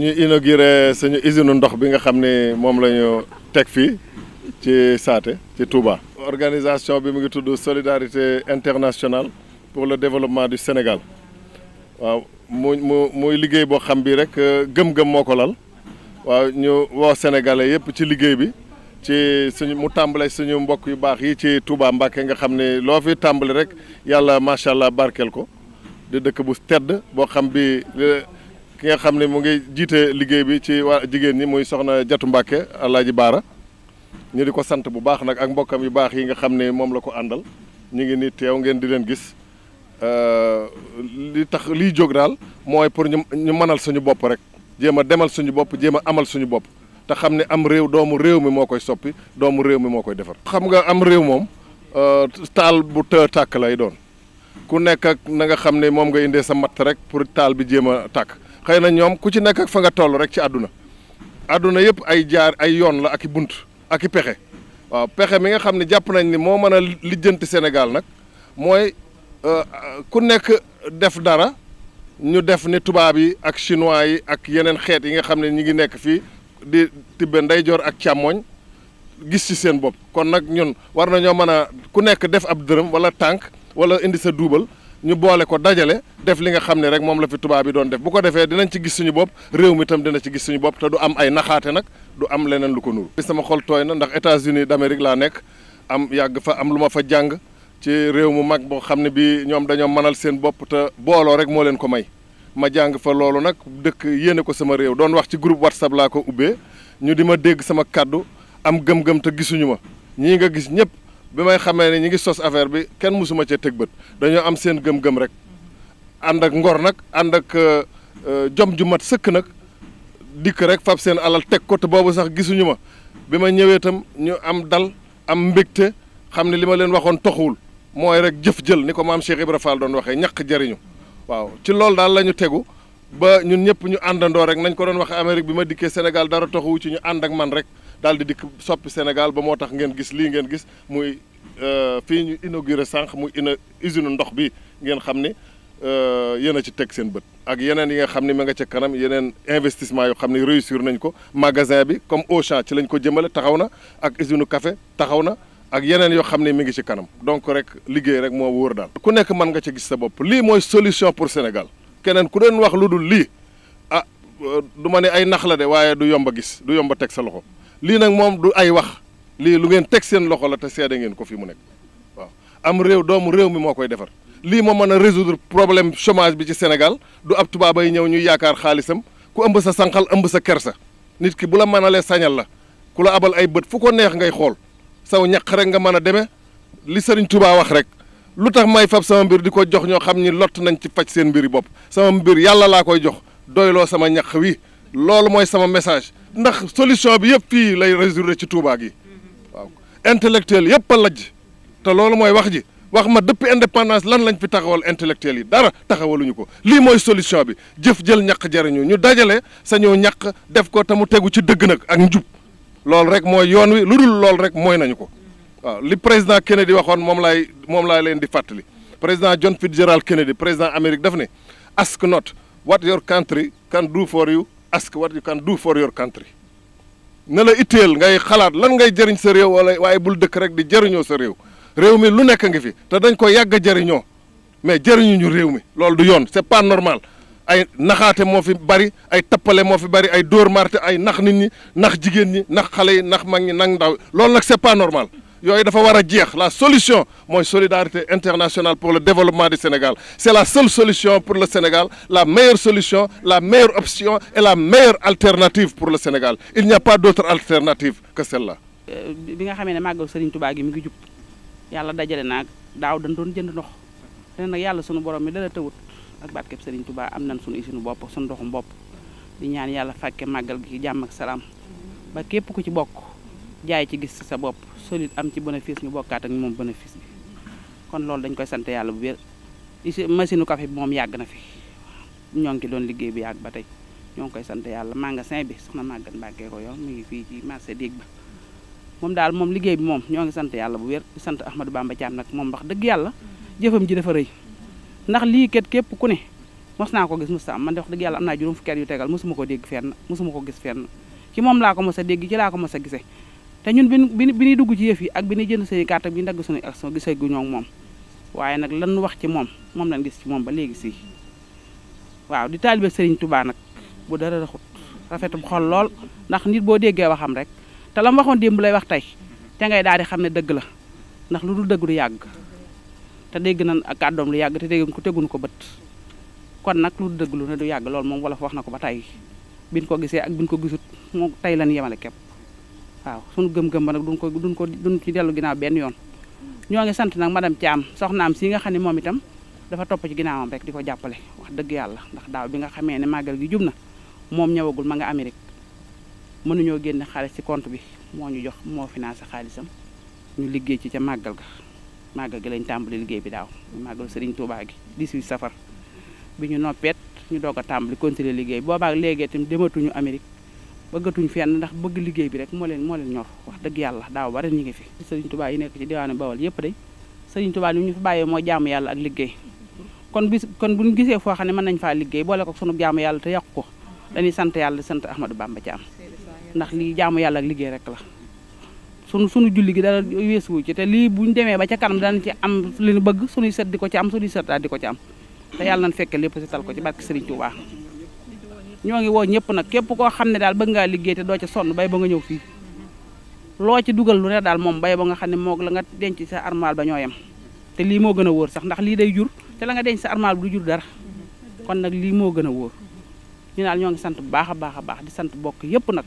ñu inauguré suñu usine ndox bi nga xam ni moom lañu teg fii ci Saate ci Touba. organisation bi mu ngi tudd solidarité internationale pour le développement du Sénégal waaw mu mu muy liggéey boo xam bi rek euh, gëm-gëm moo ko lal waaw ñu woo sénégalais yëpp ci liggéey bi ci suñu mu tàmbale suñu mbokk yu baax yi ci Touba Mbacké nga xam ni loo fi tàmbali rek yàlla macha allah barkeel ko di dëkk bu tedd boo xam bi ki nga xam ne mu ngi jiite liggéey bi ci waa jigéen ñi muy soxna Jatu Mbàkke Alaaji Baara ñu di ko sant bu baax nag ak mbokkam yu baax yi nga xam ne moom la ko àndal ñu ngi ni teew ngeen di leen gis li tax liy jóg daal mooy pour ñu ñu mënal suñu bopp rek jéem a demal suñu bopp jéem a amal suñu bopp te xam ne am réew doomu réew mi moo koy soppi doomu réew mi moo koy defar. xam nga am réew moom euh, taal bu të tàkk lay doon ku nekk ak na nga xam ne moom nga indee sa matt rek pour taal bi jéem a tàkk. xëy na ñoom ku ci nekk fa nga toll rek ci àdduna àdduna yëpp ay jaar ay yoon la ak i bunt ak i pexe waaw pexe mi nga xam ne jàpp nañ ni moo mën a lijjanti senegal nag mooy euh, euh, ku nekk def dara ñu def ni tubaab yi ak chinois yi ak yeneen xeet yi nga xam ne ñi ngi nekk fii di tibbe ndeyjoor ak càmmoñ gis ci seen bopp kon nag ñun war nañoo mën a ku nekk def ab dërëm wala tànk wala indi sa duubal ñu boole ko dajale def li nga xam ne rek moom la fi tubaab bi doon def bu ko defee dinañ ci gis suñu bopp réew mi tam dina ci gis suñu bopp te du am ay naxaate nag du am leneen lu ko nuru sama xol tooy na ndax États-Unis d'Amérique laa nekk am yàgg fa am lu ma fa jàng ci réew mu mag boo xam ne bii ñoom dañoo mënal seen bopp te booloo rek moo leen ko may ma jàng fa loolu nag dëkk yéene ko sama réew doon wax ci groupe whatsapp laa ko ubbee ñu di ma dégg sama kàddu am gëm te gisuñu ma ñii nga gis ñëpp bi may xamee ne ñi ngi sos affaire bi kenn mësuma ca teg bët dañoo am seen gëm-gëm rek ànd ak ngor nag ànd ak euh, euh, jom ju mat sëkk nag dikk rek fab seen alal teg ko boobu sax gisuñu ma bi ma ñëwee itam ñu am dal am mbégte xam ne li ma leen waxoon toxuwul mooy rek jëf jël ni ko maam Cheikh Ibra Fall doon waxee ñàq jariñu waaw ci loolu daal la ñu tegu ba ñun ñëpp ñu àndandoo rek nañ ko doon waxee Amérique bi ma dikkee Sénégal dara toxuwu ci ñu ànd ak man rek daal di dikk soppi Sénégal ba moo tax ngeen gis lii ngeen gis muy euh, fii ñu inauguré sànq mu ina usine ndox bi ngeen xam ne euh, yéen a ci teg seen bët ak yeneen yi nga xam ne ma nga ca kanam yeneen investissement yoo xam ne réussir nañ ko magasin bi comme Auchan ci lañ ko jëmale taxaw na ak usine café taxaw na ak yeneen yoo xam ne mi ngi ci kanam donc rek liggéey rek moo wóor daal ku nekk mën nga ci gis sa bopp lii mooy solution pour Sénégal keneen ku doon wax lu dul lii ah euh, du ma ne ay nax la de waaye du yomba gis du yomba teg sa loxo lii nag moom du ay wax lii lu ngeen teg seen loxo la te seede ngeen ko fi mu nekk waaw am réew doomu réew mi moo koy defar lii ma mën a résoudre problème chômage bi ci Sénégal du ab tubaabay ñëw ñuy yaakaar xaalisam ku ëmb sa sànqal ëmb sa kersa nit ki bu la mënalee sañal la ku la abal ay bët fu ko neex ngay xool saw ñaq rek nga mën a demee li Sëriñ Tuubaa wax rek lu tax may fab sama mbir di ko jox ñoo xam ni lott nañ ci faj seen mbiri bopp sama mbir yàlla laa koy jox doyloo sama ñaq wi loolu mooy sama message ndax solution bi yëpp fii lay résoudre ci Touba gi waaw intellectuel yëpp a lajj te loolu mooy wax ji wax ma dëpp indépendance lan lañ fi taxawal intellectuel yi dara taxawaluñu ko lii mooy solution bi jëf jël ñàq jariñu ñu dajale sañoo ñàq def ko te mu tegu ci dëgg nag ak njub loolu rek mooy yoon wi lu dul lool rek mooy nañu ko waaw li président Kennedy waxoon moom laay moom laa leen di fàttali président John Fitzgerald Kennedy président Amérique daf ne ask not what your country can do for you ask what you can do for your country ne la itteel ngay xalaat lan ngay jëriñ sa réew wala waaye bul dëkk rek di jëriñoo sa réew réew mi lu nekk ngi fi te dañ ko yàgg jariñoo mais mais ñu réew mi loolu du yoon c'est pas normal ay naxaate moo fi bari ay tappale moo fi bari ay dóor marte ay nax nit ñi nax jigéen ñi nax xale yi nax mag ñi nax ndaw loolu nag c'est pas normal yooyu dafa war a jeex la solution mooy solidarité international pour le développement du Sénégal c'est la seule solution pour le Sénégal la meilleure solution la meilleure option et la meilleure alternative pour le Sénégal il n'y a pas d'autre alternative que celle-là euh, bi nga xamee ne màggal Serigne Touba gi mu ngi jub yàlla dajale naag daaw dañ doon jënd ndox ren nag yàlla sunu borom mi dara tëwut ak barkeb Serigne Touba am nañ sunu usine bopp sunu ndoxum bopp ñaan yàlla fàkke màggal gi jàmm ak salaam ba képp ku ci bokk jaay ci gis sa bopp solide am ci bénéfice ñu bokkaat ak moom bénéfice bi kon loolu dañ koy sant yàlla bu wér machine u café moom yàgg na fi ñoo ngi ci doon liggéey bi yàgg ba tey ñoo ngi koy sant yàlla magasin bi soxna màggat Mbàkke ko yow mu ngi fii ci marché déeg ba moom daal moom liggéey bi moom ñoo ngi sant yàlla bu wér sant Ahmadou Bamba Thiam nag moom wax dëgg yàlla jëfam ji dafa rëy ndax lii kat képp ku ne mos naa ko gis mos am man de wax dëgg yàlla am naa yu tegal mosuma ko dégg fenn mosuma ko gis fenn ci moom laa ko mos a dégg ci laa ko mos a gisee te ñun bi bi bi ñuy dugg ci yëf yi ak bi ñuy jënd suñu carte bi ñu dagg suñu action gisee gu ñoom moom waaye nag lan wax ci moom moom lañ gis ci moom ba léegi sii waaw di taalibe Serigne tubaa nag bu dara raxut rafetum xol lool ndax nit boo déggee waxam rek te la mu waxoon démb lay wax tey te ngay daal di xam ne dëgg la ndax lu dul dëgg du yàgg te dégg na ak kàddoom lu yàgg te dégg ko teguñu ko bët kon nag lu dul dëgg lu ne du yàgg loolu moom wolof wax na ko ba tey biñ ko gisee ak biñ ko gisut moom tey lan yemale képp. waaw sunu gëm-gëm ba nag duñ ko duñ ko duñ ci dellu ginnaaw benn yoon ñoo ngi sant nag madame Thiam soxnaam si nga xam ne moom itam dafa topp ci ginnaawam rek di ko jàppale wax dëgg yàlla ndax daaw bi nga xamee ne màggal gi jub na moom ñawagul ma nga Amérique mënuñoo génn xaalis ci compte bi moo ñu jox moo financé xaalisam ñu liggéey ci ca màggal ga màggal gi lañ tàmbali liggéey bi daaw màggal Serigne Touba gi 18 safar bi ñu noppeet ñu doog a tàmbali continuer liggéey boobaak léegi itam dematuñu Amérique bëggatuñ fi fenn ndax bëgg liggéey bi rek moo leen moo leen ñor wax dëgg yàlla daaw bare ñu ngi fi sëriñ tubaa yi nekk ci diwaanu bawal yépp day sëriñ tubaa li ñu fi bàyyee moo jaamu yàlla ak liggéey kon bu kon gisee foo xam ne mën nañ faa liggéey boole ko sunu jaamu yàlla te yàqu ko dañuy sant yàlla sant Ahmadou Bamba Thiam ndax lii jaamu yàlla liggéey rek la sunu sunu julli gi dara weesuwu ci te lii buñu demee ba ca kanam danañ ci am li ñu bëgg suñuy sët di ko ci am suñuy sët di ko ci am te yàlla nañ fekke lépp si tal ko ci barke sëriñ tubaa ñoo ngi woo ñëpp nag képp koo xam ne daal bëgg ngaa liggéey doo ca sonn bay ba nga ñëw fii loo ci dugal lu ne daal moom bay ba nga xam ne moog la nga denc sa armaal ba yem te lii moo gën a wóor sax ndax day jur te la nga denc sa armaal bu jur dara kon nag lii moo gën a wóor ñu daal ñoo ngi sant bu baax a baax a baax di sant bokk yëpp nag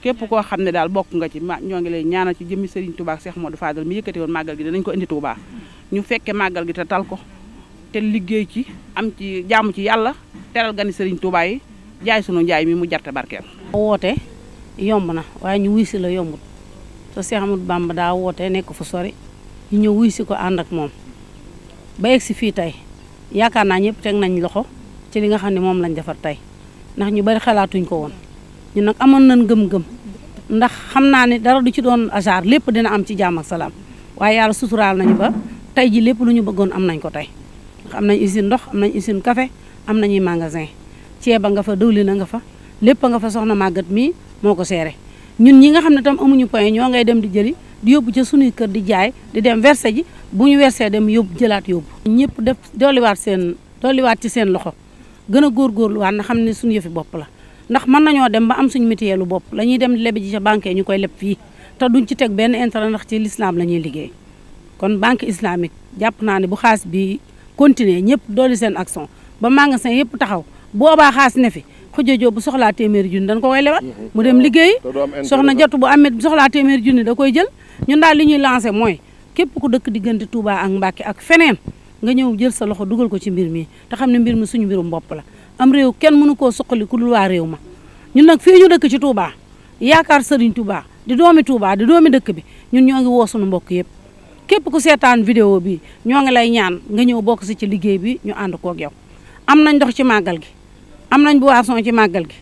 képp koo xam ne daal bokk nga ci ma ñoo ngi lay ñaanal ci jëmmi Serigne Touba ak Cheikh Modou Fadal mi yëkkati woon màggal gi dinañ ko indi Touba ñu fekke màggal gi te tal ko te liggéey ci am ci jaamu ci yàlla teral gani Serigne Touba yi jaay sunu jaay mi mu jarte barkeel. woote yomb na waaye ñu wuy si la yombut te Cheikh Amadou Bamba daa woote nekk fu sori ñu ñëw wuy si ko ànd ak moom ba egg si fii tey yaakaar naa ñëpp teg nañ loxo ci li nga xam ne moom lañ defar tey ndax ñu bari xalaatuñ ko woon ñu nag amoon nañ gëm-gëm ndax xam naa ne dara du ci doon asaar lépp dina am ci jàmm salaam waaye yàlla suturaal nañu ba tey ji lépp lu ñu bëggoon am nañ ko tey am nañ usine ndox am nañ usine kafe am nañuy magasin ceeba nga fa diwlin nga fa lépp nga fa soxna màggat mii moo ko seere ñun ñi nga xam ne tam amuñu point ñoo ngay dem di jëli di yóbbu ca sunuy kër di jaay di dem verser ji bu ñu versé dem yóbbu jëlaat yóbbu ñëpp def dolliwaat seen dolliwaat ci seen loxo gën a góor góorgóorluwaat na xam ne suñu yëfi bopp la ndax mën nañoo dem ba am suñ métier lu bopp la ñuy dem lebi ji ca banque ñu koy leb fii te duñ ci teg benn intérêt ndax ci lislaam la ñuy liggéey kon banque islamique jàpp naa ne bu xaas bi continuer ñëpp dolli seen action ba magasin yëpp taxaw boobaa xaas ne fi xujja joob bu soxlaa téeméeri junni dañ ko koy lewat mu dem liggéey soxna jotu bu amet bu soxlaa téeméeri junni da koy jël ñun daal li ñuy lancé mooy képp ku dëkk diggante Touba ak Mbacké ak nga ñëw jël sa loxo dugal ko ci mbir mi te xam ne mbir mi suñu mbirum bopp la am réew kenn mënu koo suqali ku réew ma ñun nag fii ñu dëkk ci Touba yaakaar sëriñ Touba di doomi Touba di doomi dëkk bi ñun ñoo ngi woo suñu mbokk yëpp képp ku seetaan vidéo bi ñoo ngi lay ñaan nga ñëw bokk si ci liggéey bi ñu ànd koog yow am nañ ndox ci màggal gi am nañ boisson ci màggal gi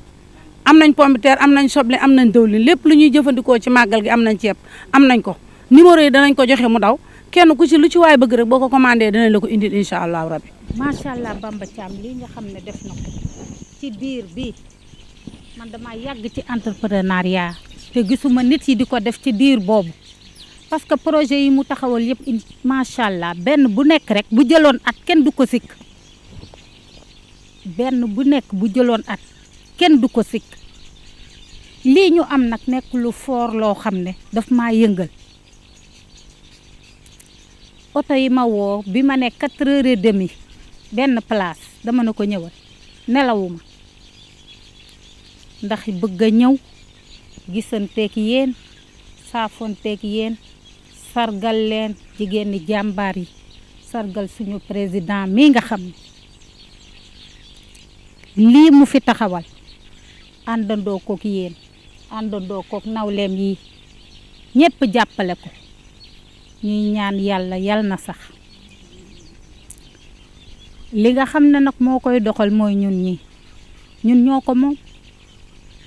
am nañ pomme am nañ soble am nañ dëwlin lépp lu ñuy jëfandikoo ci màggal gi am nañ ceeb am nañ ko numéro yi danañ ko joxe mu daw kenn ku ci lu ci waaye bëgg rek boo ko commandé danañ la ko indi incha allahu rabi. macha allah Bamba Thiam lii nga xam ne def na ko ci diir bi man dama yàgg ci entrepreneuriat te gisuma nit yi di ko def ci diir boobu parce que projet yi mu taxawal yëpp macha allah benn bu nekk rek bu jëloon at kenn du ko sikk. benn bu nekk bu jëloon at kenn du ko sikk lii ñu am nag nekk lu foor loo xam ne daf maa yëngal oto yi ma woo bi ma ne quatre heures et demi benn place dama ne ko ñëwal nelawuma ndax bëgg a ñëw gisanteeg yéen saafonteeg yéen sargal leen jigéen ñi jàmbaar yi sargal suñu président mii nga xam ne lii mu fi taxawal àndandoo kook yéen àndandoo kook nawleem yi ñépp jàppale ko ñuy ñaan yàlla yal na sax li nga xam na nag moo koy doxal mooy ñun ñi ñun ñoo ko moom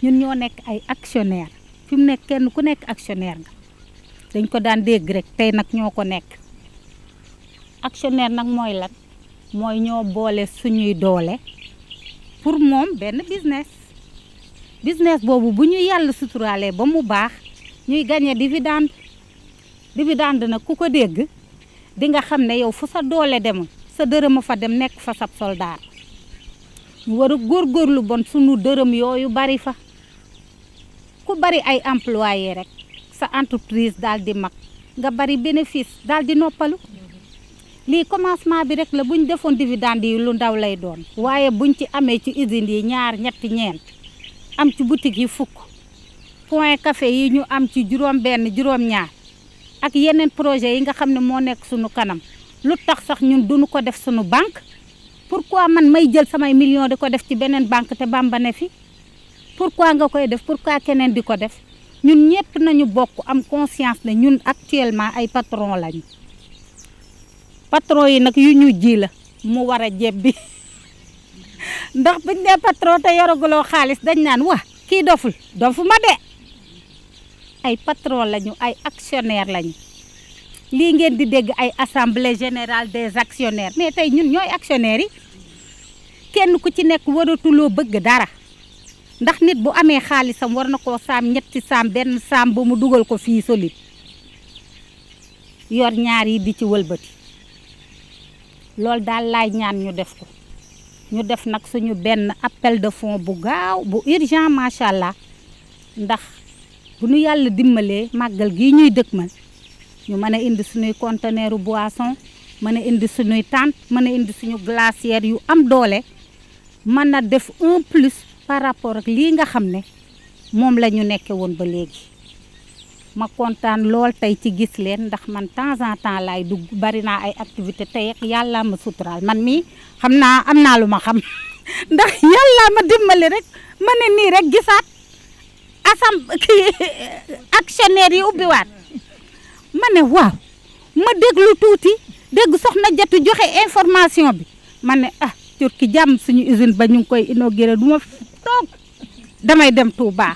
ñun ñoo nekk ay actionnaire fi mu nekk kenn ku nekk actionnaire dañ ko daan dégg tey nag ñoo ko nekk actionnaire nag mooy lan mooy ñoo boole suñuy doole pour moom benn business business boobu bu ñu yàlla suturaalee ba mu baax ñuy gagné dividende dividende nag ku ko dégg di nga xam ne yow fu sa doole dem sa dërëm fa dem nekk fa sab soldaar ñu war a bon sunu dërëm yooyu bari fa ku bari ay employé rek sa entreprise daal di mag nga bari bénéfice daal di noppalu lii commencement bi rek la bu ñu defoon dividende yi lu ndaw lay doon waaye buñ ci amee ci usines yi ñaar ñetti ñeent am ci boutique yi fukk point café yi ñu am ci juróom benn juróom ñaar ak yeneen projet yi nga xam ne moo nekk sunu kanam lu tax sax ñun duñu ko def suñu banque pourquoi man may jël samay million di ko def ci beneen banque te Bamba ne fi pourquoi nga koy def pour pourquoi keneen di ko def ñun ñëpp nañu bokk am conscience ne ñun actuellement ay patron lañu patron yi nag yu ñu ji la mu war a jeb bi ndax buñ nee patron te yoraguloo xaalis dañ naan wa kii doful dofu ma de ay patron lañu ay actionnaire lañu lii ngeen di dégg ay assemblée générale des actionnaires mais tey ñun ñooy actionnaires yi kenn ku ci nekk waratuloo bëgg dara ndax nit bu amee xaalisam war na ko saam ñetti saam benn saam ba mu dugal ko fii solide yor ñaar yi di ci wëlbati loolu daal laay ñaan ñu def ko ñu def nag suñu benn appel de fonds bu gaaw bu urgent macha allah ndax bu ñu yàlla dimbalee màggal gi ñuy dëkkmal ñu mën a indi suñuy conteneur boisson mën a indi suñuy tente mën a indi suñu glacière yu am doole mën a def un plus par rapport ak lii nga xam ne moom la ñu nekke woon ba léegi ma kontaan lool tey ci gis leen ndax man temps en temps laay dugg bari naa ay activité tey yàlla ma suturaal man mii xam naa am naa lu ma xam ndax yàlla ma dimbali rek ma ne nii rek gisaat asam kii actionnaire yi ubbiwaat ma ne waaw ma déglu tuuti dégg soxna jetu joxe information bi ma ne ah ki jàmm suñu usine ba ñu ngi koy inauguré du ma toog damay dem Touba.